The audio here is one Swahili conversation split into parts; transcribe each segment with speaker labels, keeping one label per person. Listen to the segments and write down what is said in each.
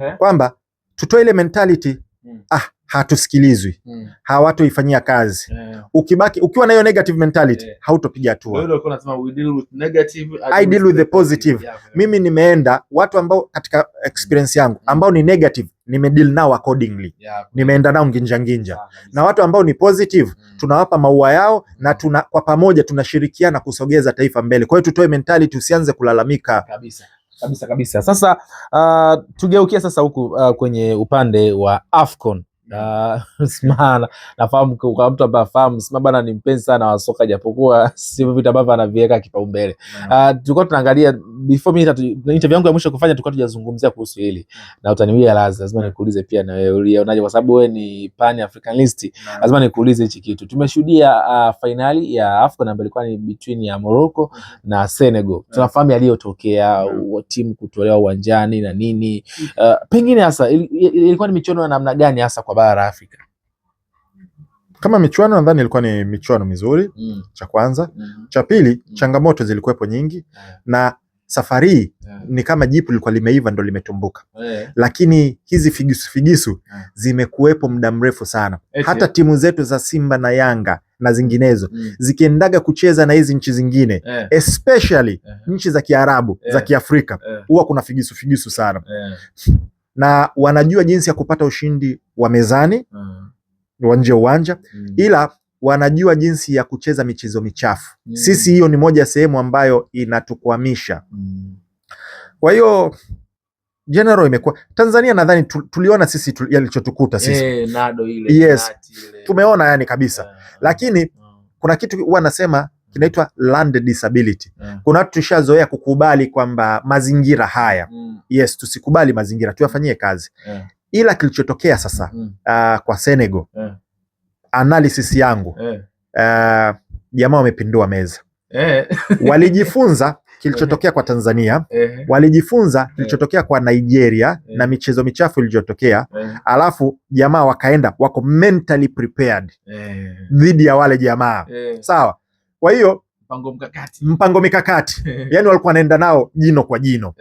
Speaker 1: Eh? kwamba tutoe ile mentality mm. ah, hatusikilizwi mm. hawatoifanyia kazi yeah. Ukibaki ukiwa na hiyo negative mentality yeah. hautopiga hatua. I deal with the positive yeah, yeah. Mimi nimeenda watu ambao katika experience yangu hmm. ambao ni negative nimedeal nao accordingly yeah, nimeenda nao nginja nginja yeah, na watu ambao ni positive mm. tunawapa maua yao hmm. na tuna, kwa pamoja tunashirikiana kusogeza taifa mbele. Kwa hiyo tutoe mentality, usianze kulalamika
Speaker 2: kabisa kabisa kabisa.
Speaker 1: Sasa uh, ah, tugeukia sasa huku uh, kwenye upande wa Afcon Ah, Sma nafahamu kwa mtu ambaye afahamu Sma bana ni mpenzi sana wa soka, japokuwa vitu ambavyo anaviweka kipaumbele. Ah, tulikuwa tunaangalia before mimi interview yangu ya mwisho kufanya, tulikuwa tujazungumzia kuhusu hili na utaniwia lazima nikuulize pia na wewe ulionaje, kwa sababu wewe ni pan Africanist, lazima nikuulize hichi kitu. Tumeshuhudia ah, fainali ya AFCON ambayo ilikuwa ni between ya Morocco na Senegal. Tunafahamu yaliyotokea, timu kutolewa uwanjani na nini, pengine hasa ilikuwa ni michuano ya namna gani hasa kwa bara Afrika. Kama michuano nadhani ilikuwa ni michuano mizuri mm. cha kwanza mm. cha pili mm. changamoto zilikuwepo nyingi yeah. na safari yeah. ni kama jipu lilikuwa limeiva ndo limetumbuka yeah. lakini hizi figisu figisu yeah. zimekuwepo muda mrefu sana Eti. hata timu zetu za Simba na Yanga na zinginezo mm. zikiendaga kucheza na hizi nchi zingine yeah. especially yeah. nchi za Kiarabu yeah. za eh. Kiafrika eh. huwa yeah. kuna figisu figisu sana yeah na wanajua jinsi ya kupata ushindi wa mezani mm. wa nje uwanja mm. ila wanajua jinsi ya kucheza michezo michafu mm. Sisi hiyo ni moja ya sehemu ambayo inatukwamisha mm. Kwa hiyo general imekuwa Tanzania nadhani tuliona sisi tu, yalichotukuta sisi
Speaker 2: e, nado ile,
Speaker 1: yes. Tumeona yani kabisa yeah. Lakini yeah. kuna kitu huwa nasema kinaitwa land disability yeah. Kuna watu tushazoea kukubali kwamba mazingira haya mm. Yes, tusikubali mazingira, tuyafanyie kazi yeah. Ila kilichotokea sasa mm. uh, kwa Senegal yeah. Analysis yangu yeah. uh, jamaa wamepindua meza yeah. Walijifunza kilichotokea kwa Tanzania yeah. Walijifunza kilichotokea kwa Nigeria yeah. Na michezo michafu iliyotokea yeah. Alafu jamaa wakaenda wako mentally prepared dhidi yeah. ya wale jamaa yeah. Sawa kwa hiyo
Speaker 2: mpango mkakati,
Speaker 1: mpango mikakati yani walikuwa wanaenda nao jino kwa jino.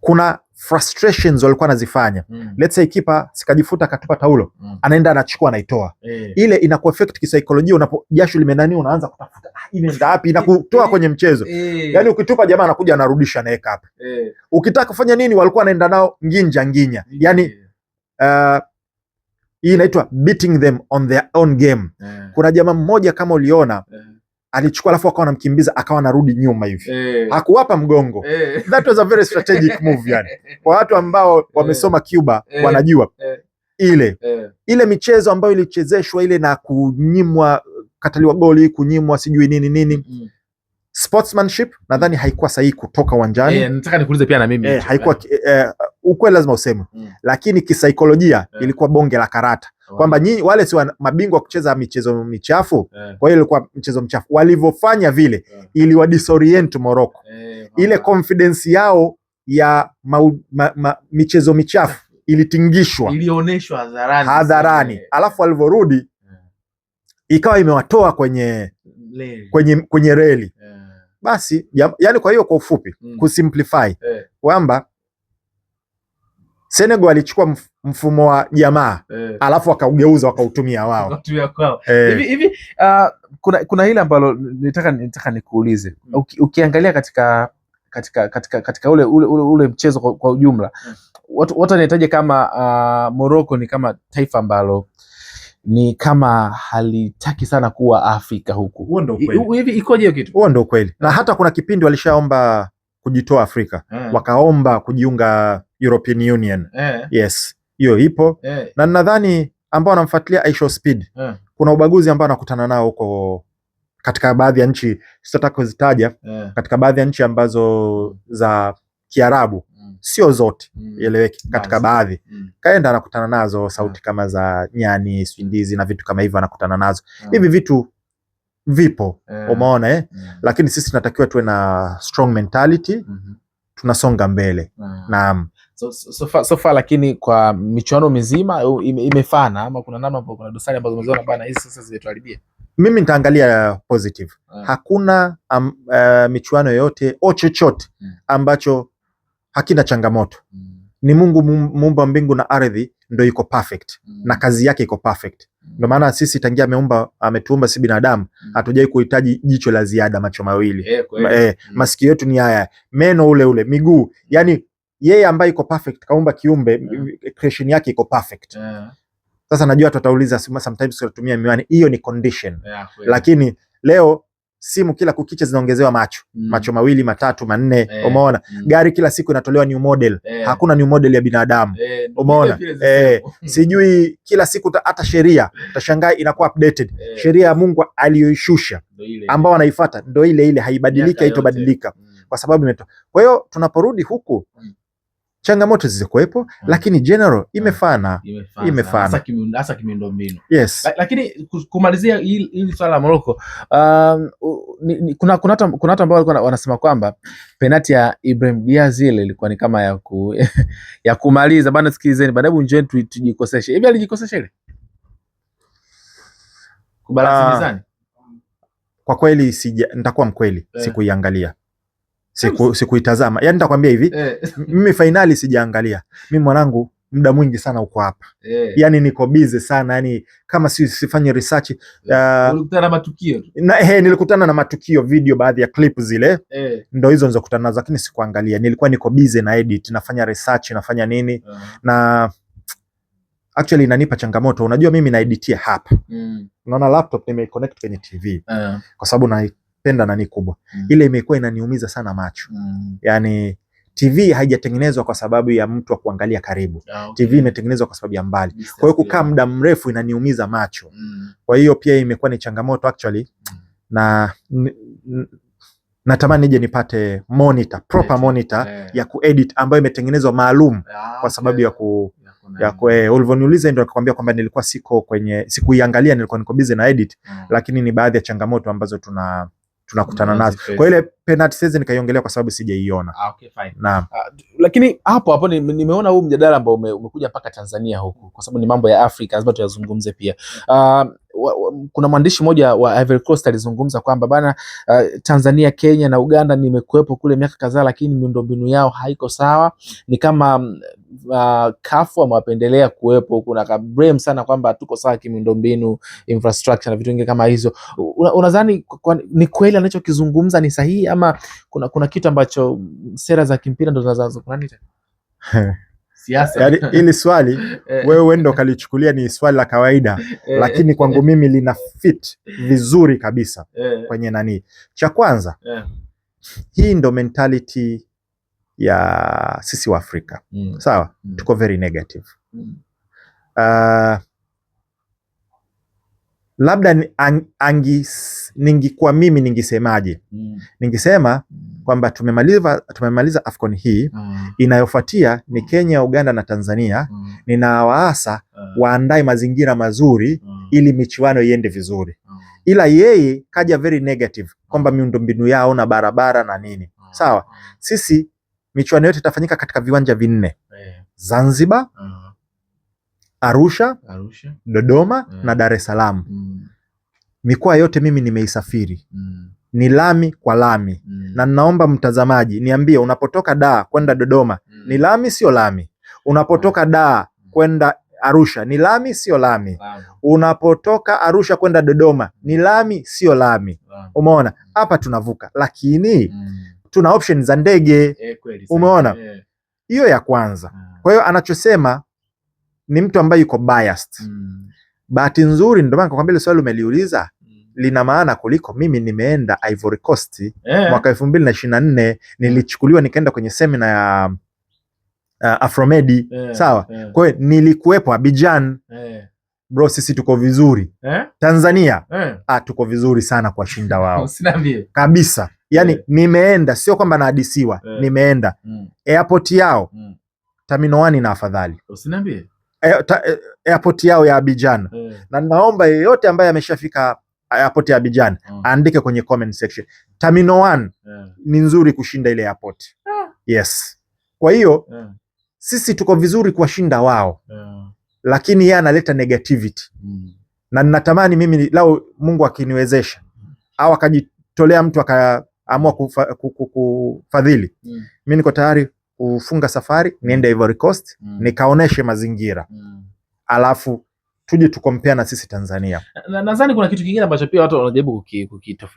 Speaker 1: Kuna frustrations walikuwa anazifanya mm. Let's say kipa sikajifuta akatupa taulo mm. Anaenda anachukua anaitoa eh. Ile ina kuaffect kisaikolojia, unapo jasho limenani unaanza kutafuta ah, imeenda wapi, inakutoa kwenye mchezo eh. Yani ukitupa jamaa anakuja anarudisha anaweka hapa eh. Ukitaka kufanya nini, walikuwa anaenda nao nginja nginya, yani eh. uh, hii inaitwa beating them on their own game. Yeah. Kuna jamaa mmoja kama uliona, yeah. Alichukua alafu akawa anamkimbiza akawa anarudi nyuma hivi hey. Eh. Hakuwapa mgongo hey. Eh. That was a very strategic move yani, kwa watu ambao eh. wamesoma Cuba hey. Wanajua hey. Ile hey. Ile michezo ambayo ilichezeshwa ile na kunyimwa, kataliwa goli, kunyimwa sijui nini nini mm sportsmanship nadhani haikuwa sahihi kutoka uwanjani. E,
Speaker 2: nataka nikuulize pia na mimi
Speaker 1: e, haikuwa e, ukweli lazima useme mm. Lakini kisaikolojia yeah. ilikuwa bonge la karata oh. Kwamba nyinyi wale si mabingwa kucheza michezo michafu yeah. Kwa hiyo ilikuwa mchezo mchafu walivyofanya vile e, iliwa disorient Morocco yeah. ile confidence yao ya ma, ma, ma, michezo michafu ilitingishwa,
Speaker 2: ilioneshwa hadharani
Speaker 1: hadharani, yeah. alafu walivyorudi yeah. ikawa imewatoa kwenye, kwenye, kwenye reli yeah basi ya, yani kwa hiyo kwa ufupi mm. kusimplify eh. kwamba eh. Senegal alichukua mfumo wa jamaa eh. alafu wakaugeuza wakautumia wao
Speaker 2: eh. hivi hivi eh. Uh, kuna, kuna hili ambalo nitaka nitaka nikuulize mm. Uki, ukiangalia katika katika katika katika ule ule, ule, ule mchezo kwa, kwa ujumla mm. watu wanahitaji kama uh, Morocco ni kama taifa ambalo ni kama halitaki sana kuwa Afrika huku.
Speaker 1: Hivi ikoje hiyo kitu? Huo ndio kweli, na eh. hata kuna kipindi walishaomba kujitoa Afrika yeah. Wakaomba kujiunga European Union yeah. Yes, hiyo ipo yeah. Na nadhani ambao wanamfuatilia Aisha Speed yeah. Kuna ubaguzi ambao anakutana nao huko katika baadhi ya nchi sitataka kuzitaja yeah. Katika baadhi ya nchi ambazo za Kiarabu sio zote ieleweke, mm. katika Bazi. baadhi mm. Kaenda anakutana nazo sauti yeah. Mm. kama za nyani swindizi na vitu kama hivyo anakutana nazo mm. hivi yeah. vitu vipo yeah. umeona eh? yeah. Mm. Lakini sisi tunatakiwa tuwe na strong mentality mm -hmm. Tunasonga mbele yeah.
Speaker 2: Naam. So, so, far, so far lakini kwa michuano mizima imefana ime ama kuna namna kuna dosari ambazo umeziona bana, hizi sasa zimetuharibia?
Speaker 1: Mimi nitaangalia positive yeah. Hakuna um, uh, michuano yoyote au chochote yeah. ambacho hakina changamoto mm. Ni Mungu muumba mbingu na ardhi, ndo iko perfect mm. na kazi yake iko perfect mm. Ndo maana sisi tangia ameumba ametuumba si binadamu mm. hatujawai kuhitaji jicho la ziada, macho mawili eh, eh, mm. masikio yetu ni haya, meno ule ule, miguu, yani yeye ambaye iko perfect kaumba kiumbe yeah. Mm. creation yake iko perfect yeah. Sasa najua watu watauliza sometimes tunatumia miwani, hiyo ni condition yeah, lakini leo simu kila kukicha zinaongezewa macho mm. macho mawili matatu manne eh, umeona mm. gari kila siku inatolewa new model eh, hakuna new model ya binadamu eh, umeona eh, sijui kila siku hata sheria utashangaa inakuwa updated eh, sheria ya Mungu aliyoishusha ambao wanaifuata ndio ile ile haibadilika, haitobadilika mm. kwa sababu imetoka. Kwa hiyo tunaporudi huku mm changamoto zilizokuwepo hmm. Lakini general mm. imefana imefana, imefana.
Speaker 2: Hasa mbinu yes. La, lakini kumalizia hili swala la Morocco um, kuna kuna watu ambao walikuwa wanasema kwamba penati ya Ibrahim Diaz ile ilikuwa ni kama ya, ku, ya kumaliza bana. Sikilizeni bana, hebu njoo tujikoseshe hivi. Alijikosesha ile
Speaker 1: kubalansi mizani. Ah, kwa kweli sija, nitakuwa mkweli, eh. sikuiangalia sikuitazama. Yani nitakwambia hivi eh, mimi fainali sijaangalia. Mimi mwanangu muda mwingi sana uko hapa eh, yani niko busy sana yani kama si sifanye research eh, uh, ah,
Speaker 2: nilikutana na matukio
Speaker 1: na he, eh, nilikutana na matukio video, baadhi ya clip zile eh, ndo hizo nilizokutana nazo, lakini sikuangalia. Nilikuwa niko busy na edit, nafanya research, nafanya nini uh eh. -huh. na actually inanipa changamoto. Unajua mimi naeditia hapa mm. Unaona laptop nimeconnect kwenye TV uh eh. -huh. kwa sababu na napenda nani kubwa mm. ile imekuwa inaniumiza sana macho mm. yani TV haijatengenezwa kwa sababu ya mtu wa kuangalia karibu. Ah, okay. TV imetengenezwa kwa sababu ya mbali. Kwa hiyo kukaa muda mrefu inaniumiza macho mm. kwa hiyo pia imekuwa ni changamoto actually mm. na natamani nije nipate monitor, proper monitor yeah. ya kuedit ambayo imetengenezwa maalum yeah, okay. kwa sababu ya ku ya kwe eh, ulivyoniuliza ndio nikakwambia kwamba nilikuwa siko kwenye sikuiangalia, nilikuwa niko busy na edit mm. lakini ni baadhi ya changamoto ambazo tuna tunakutana nazo. Kwa ile penalty siwezi nikaiongelea kwa sababu sijaiona. Ah, okay, fine. Naam. Uh,
Speaker 2: lakini hapo hapo nimeona huu mjadala ambao umekuja mpaka Tanzania huku kwa sababu ni mambo ya Afrika lazima tuyazungumze pia. Uh, kuna mwandishi mmoja wa Ivory Coast alizungumza kwamba bana, uh, Tanzania, Kenya na Uganda nimekuwepo kule miaka kadhaa, lakini miundombinu yao haiko sawa, ni kama mm, Uh, kafu amewapendelea kuwepo. Kuna kabrem sana kwamba tuko sawa kimiundombinu, infrastructure na vitu vingine kama hizo. Unadhani ni kweli anachokizungumza ni sahihi, ama kuna, kuna kitu ambacho mm, sera za kimpira ndo zinazokuanisha?
Speaker 1: siasa. Yaani hili swali eh. wewe ndo kalichukulia ni swali la kawaida, eh. lakini kwangu eh. mimi lina fit vizuri kabisa kwenye nani. Cha kwanza, hii ndo mentality ya sisi wa Afrika mm. Sawa mm. Tuko very negative mm. Uh, labda ang, angis, ningikuwa mimi ningisemaje? mm. Ningisema mm kwamba tumemaliza, tumemaliza AFCON hii mm. Inayofuatia ni mm. Kenya, Uganda na Tanzania mm. Ninawaasa mm. Eh. waandae mazingira mazuri mm. ili michuano iende vizuri mm. Ila yeye kaja very negative kwamba mm. miundombinu yao na barabara na nini mm. Sawa, mm. sisi michuano yote itafanyika katika viwanja vinne yeah. Zanzibar mm. Arusha, Arusha, Dodoma mm. na Dar es Salaam mm. Mikoa yote mimi nimeisafiri mm ni lami kwa lami mm. na naomba mtazamaji niambie, unapotoka Dar kwenda Dodoma mm. ni lami sio lami? Unapotoka mm. Dar mm. kwenda Arusha ni lami sio lami? Unapotoka Arusha kwenda Dodoma mm. ni lami sio lami? Umeona hapa tunavuka, lakini mm. tuna option za ndege e, umeona e. hiyo e. ya kwanza kwa hiyo anachosema ni mtu ambaye yuko biased mm. bahati nzuri, ndio maana nikakwambia swali umeliuliza lina maana kuliko mimi nimeenda Ivory Coast yeah. Mwaka elfu mbili na ishirini na nne nilichukuliwa nikaenda kwenye semina ya uh, Afromedi yeah. Sawa yeah. Kwa hiyo nilikuwepo Abidjan yeah. Bro, sisi tuko vizuri eh? Tanzania eh? Ah, tuko vizuri sana kwa shinda wao kabisa yani eh. Nimeenda sio kwamba naadisiwa eh. Nimeenda mm. airport yao mm. Tamino wani na afadhali usiniambie oh, eh, eh, airport yao ya Abidjan eh. Na naomba yeyote ambaye ameshafika airport ya Abidjan mm. Andike kwenye comment section Terminal 1 yeah. ni nzuri kushinda ile airport yeah. Yes, kwa hiyo yeah. sisi tuko vizuri kuwashinda wao yeah. Lakini yeye analeta negativity mm. na ninatamani mimi lao Mungu akiniwezesha mm. au akajitolea mtu akaamua kufadhili mm. mimi niko tayari kufunga safari niende Ivory Coast mm. nikaoneshe mazingira mm. alafu tuje tukompea na sisi Tanzania.
Speaker 2: Nadhani kuna kitu kingine ambacho pia watu wanajaribu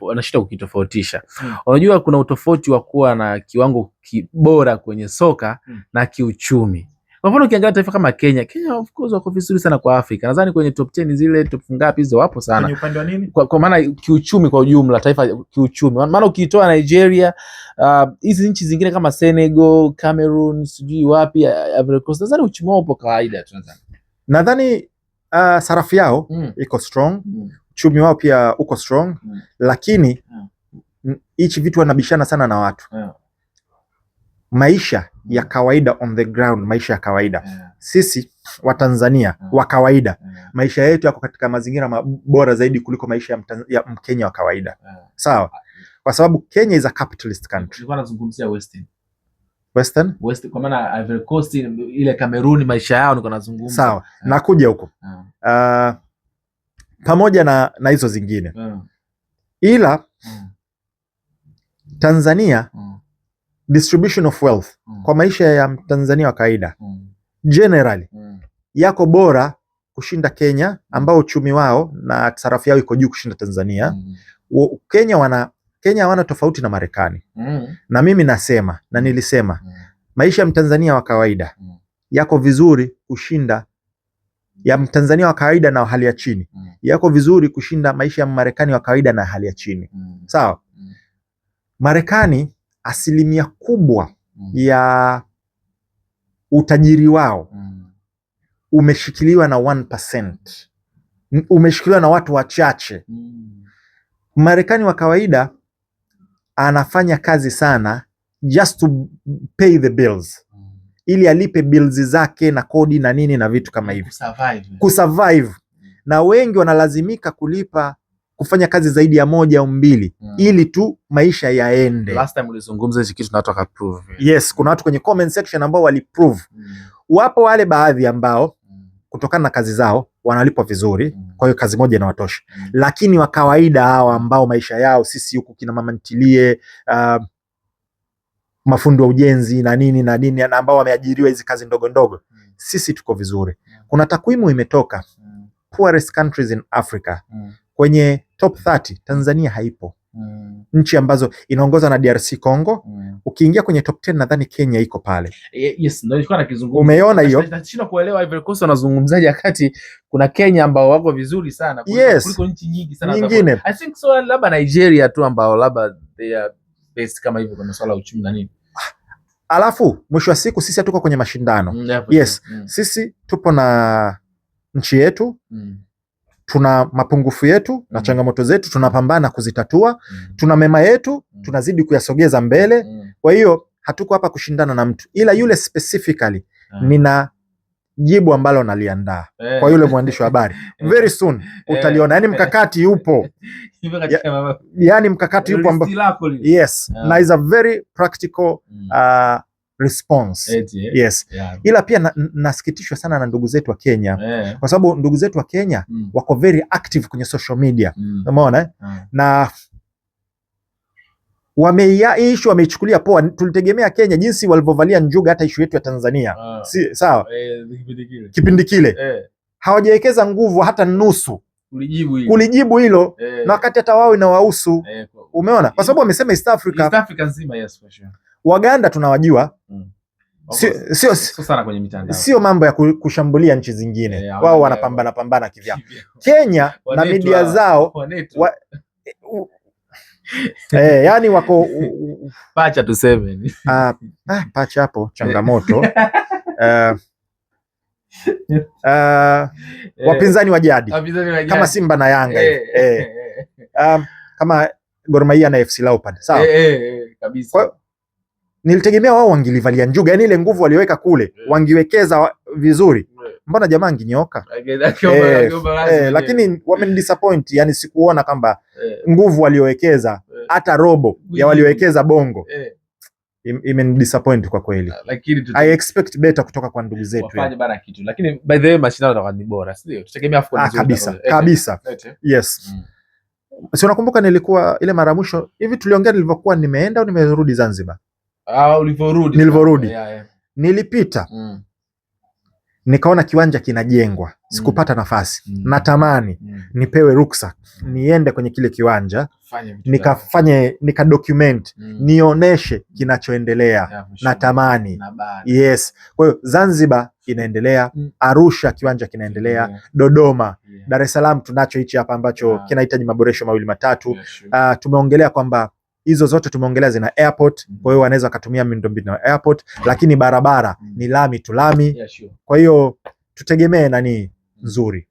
Speaker 2: wanashindwa kukitofautisha. Hmm. Unajua kuna utofauti wa kuwa na kiwango kibora kwenye soka hmm. na kiuchumi kwa mfano ukiangalia taifa kama Kenya, Kenya of course wako vizuri sana kwa Afrika. Nadhani kwenye top 10 zile top ngapi hizo wapo sana. Kwenye upande wa nini? Kwa, kwa maana kiuchumi kwa ujumla taifa kiuchumi. Maana ukitoa Nigeria, uh, hizi uh, nchi zingine kama Senegal, Cameroon, sijui wapi, uh, Ivory Coast, nadhani uchumi wao upo kawaida tu nadhani.
Speaker 1: Nadhani uh, sarafu yao mm. iko strong mm. uchumi wao pia uko strong mm. lakini hichi yeah. vitu wanabishana sana na watu yeah. maisha mm. ya kawaida on the ground, maisha ya kawaida yeah. sisi Watanzania yeah. wa kawaida yeah. maisha yetu yako katika mazingira bora zaidi kuliko maisha ya, mtanz... ya Mkenya wa kawaida yeah. sawa, ah. kwa sababu Kenya is a capitalist country. Western?
Speaker 2: West, kwa maana Ivory Coast ile Kameruni maisha yao niko nazungumza.
Speaker 1: Sawa, eh. nakuja huko uh, pamoja na, na hizo zingine Yeah. ila yeah. Tanzania yeah. distribution of wealth yeah. kwa maisha ya Mtanzania wa kawaida yeah. generally eh. yako bora kushinda Kenya ambao uchumi wao na sarafu yao iko juu kushinda Tanzania yeah. Mm. Kenya wana Kenya hawana tofauti na Marekani mm. na mimi nasema na nilisema mm. maisha ya Mtanzania wa kawaida mm. yako vizuri kushinda ya Mtanzania wa kawaida na hali ya chini mm. yako vizuri kushinda maisha ya Marekani wa kawaida na hali ya chini mm. sawa mm. Marekani asilimia kubwa mm. ya utajiri wao mm. umeshikiliwa na 1%. Umeshikiliwa na watu wachache mm. Marekani wa kawaida anafanya kazi sana just to pay the bills, mm. ili alipe bills zake na kodi na nini na vitu kama hivyo
Speaker 2: kusurvive,
Speaker 1: kusurvive. Mm. Na wengi wanalazimika kulipa kufanya kazi zaidi ya moja au mbili yeah, mm. ili tu maisha yaende.
Speaker 2: Last time ulizungumza hizi kitu na watu wakaprove.
Speaker 1: Yes, kuna watu kwenye comment section ambao waliprove mm. Wapo wale baadhi ambao kutokana na kazi zao wanalipwa vizuri, mm. kwa hiyo kazi moja inawatosha. Mm. Lakini wa kawaida hawa ambao maisha yao sisi huku kina mama ntilie, uh, mafundi wa ujenzi na nini na nini, na ambao wameajiriwa hizi kazi ndogo ndogo, mm. sisi tuko vizuri. Kuna takwimu imetoka poorest countries in Africa kwenye top 30 Tanzania haipo, nchi ambazo inaongozwa na DRC Congo ukiingia kwenye top 10 nadhani Kenya iko pale.
Speaker 2: Eh, yes, ndio nilikuwa nakizungumza.
Speaker 1: Umeona hiyo?
Speaker 2: Nashinda kuelewa Ivory Coast wanazungumzaje wakati kuna Kenya ambao wako vizuri sana
Speaker 1: kuliko yes. kuliko
Speaker 2: nchi nyingi sana nyingine. I think so, labda Nigeria tu ambao labda they are best kama hivyo kwa swala la uchumi na nini.
Speaker 1: Alafu mwisho wa siku sisi hatuko kwenye mashindano. Mm, yeah, yes. Mm. Sisi tupo na nchi yetu. Mm tuna mapungufu yetu mm. na changamoto zetu tunapambana kuzitatua mm. tuna mema yetu mm. tunazidi kuyasogeza mbele mm. Kwa hiyo hatuko hapa kushindana na mtu, ila yule specifically eh. nina jibu ambalo naliandaa eh, kwa yule mwandishi wa habari eh. very soon eh. utaliona. Yani mkakati yupo ya, yani mkakati yupo amba... yes na is a very practical mm. uh, response yes yeah. Ila pia na, nasikitishwa sana na ndugu zetu wa Kenya Kwa sababu ndugu zetu wa Kenya mm. wako very active kwenye social media mm. umeona mm. na wameiishu wameichukulia poa. Tulitegemea Kenya jinsi walivyovalia njuga, hata ishu yetu ya Tanzania ah, si sawa eh, kipindi kile eh, hawajawekeza nguvu hata nusu kulijibu hilo eh, na wakati hata wao inawahusu eh, umeona, kwa sababu wamesema East Africa, East
Speaker 2: Africa nzima, yes, for sure.
Speaker 1: Waganda tunawajua hmm. Sio, sio, sio mambo ya kushambulia nchi zingine yeah, wao wanapambana pambana kivyao. Kenya na media zao wa, Eh, yani wako
Speaker 2: pacha tuseme
Speaker 1: uh, ah, ah, pacha hapo changamoto uh, uh, wapinzani wa jadi kama Simba na Yanga eh, eh, eh. Um, kama Gor Mahia na FC Leopards sawa kabisa. Kwa, nilitegemea wao wangilivalia njuga, yani ile nguvu walioweka kule wangiwekeza vizuri mbona jamaa anginyoka eh, eh, lakini wamenidisappoint, yani sikuona kwamba eh, nguvu waliowekeza eh. hata eh, robo ya waliowekeza Bongo eh, imenidisappoint kwa kweli. Ah, lakini I expect better kutoka kwa ndugu zetu wafanye
Speaker 2: eh. bana kitu, lakini by the way mashindano yatakuwa ni bora, sio tutegemea afu
Speaker 1: ah, kwa kabisa eh, kabisa, yes mm. Si unakumbuka nilikuwa ile mara mwisho hivi tuliongea, nilivyokuwa nimeenda au nimerudi Zanzibar,
Speaker 2: ah, ulivyorudi
Speaker 1: nilivyorudi, yeah, yeah. nilipita mm nikaona kiwanja kinajengwa, mm. sikupata nafasi. Mm. Natamani mm. nipewe ruksa niende kwenye kile kiwanja nikafanye mm. nioneshe kinachoendelea. Natamani yes. Kwa hiyo Zanzibar inaendelea, Arusha kiwanja kinaendelea, Dodoma, Dar es Salaam tunacho hichi hapa ambacho kinahitaji maboresho mawili matatu. Uh, tumeongelea kwamba hizo zote tumeongelea zina airport, mm. kwa hiyo wanaweza wakatumia miundombinu ya airport, mm. lakini barabara mm. ni lami tu lami, kwa hiyo tutegemee nani nzuri.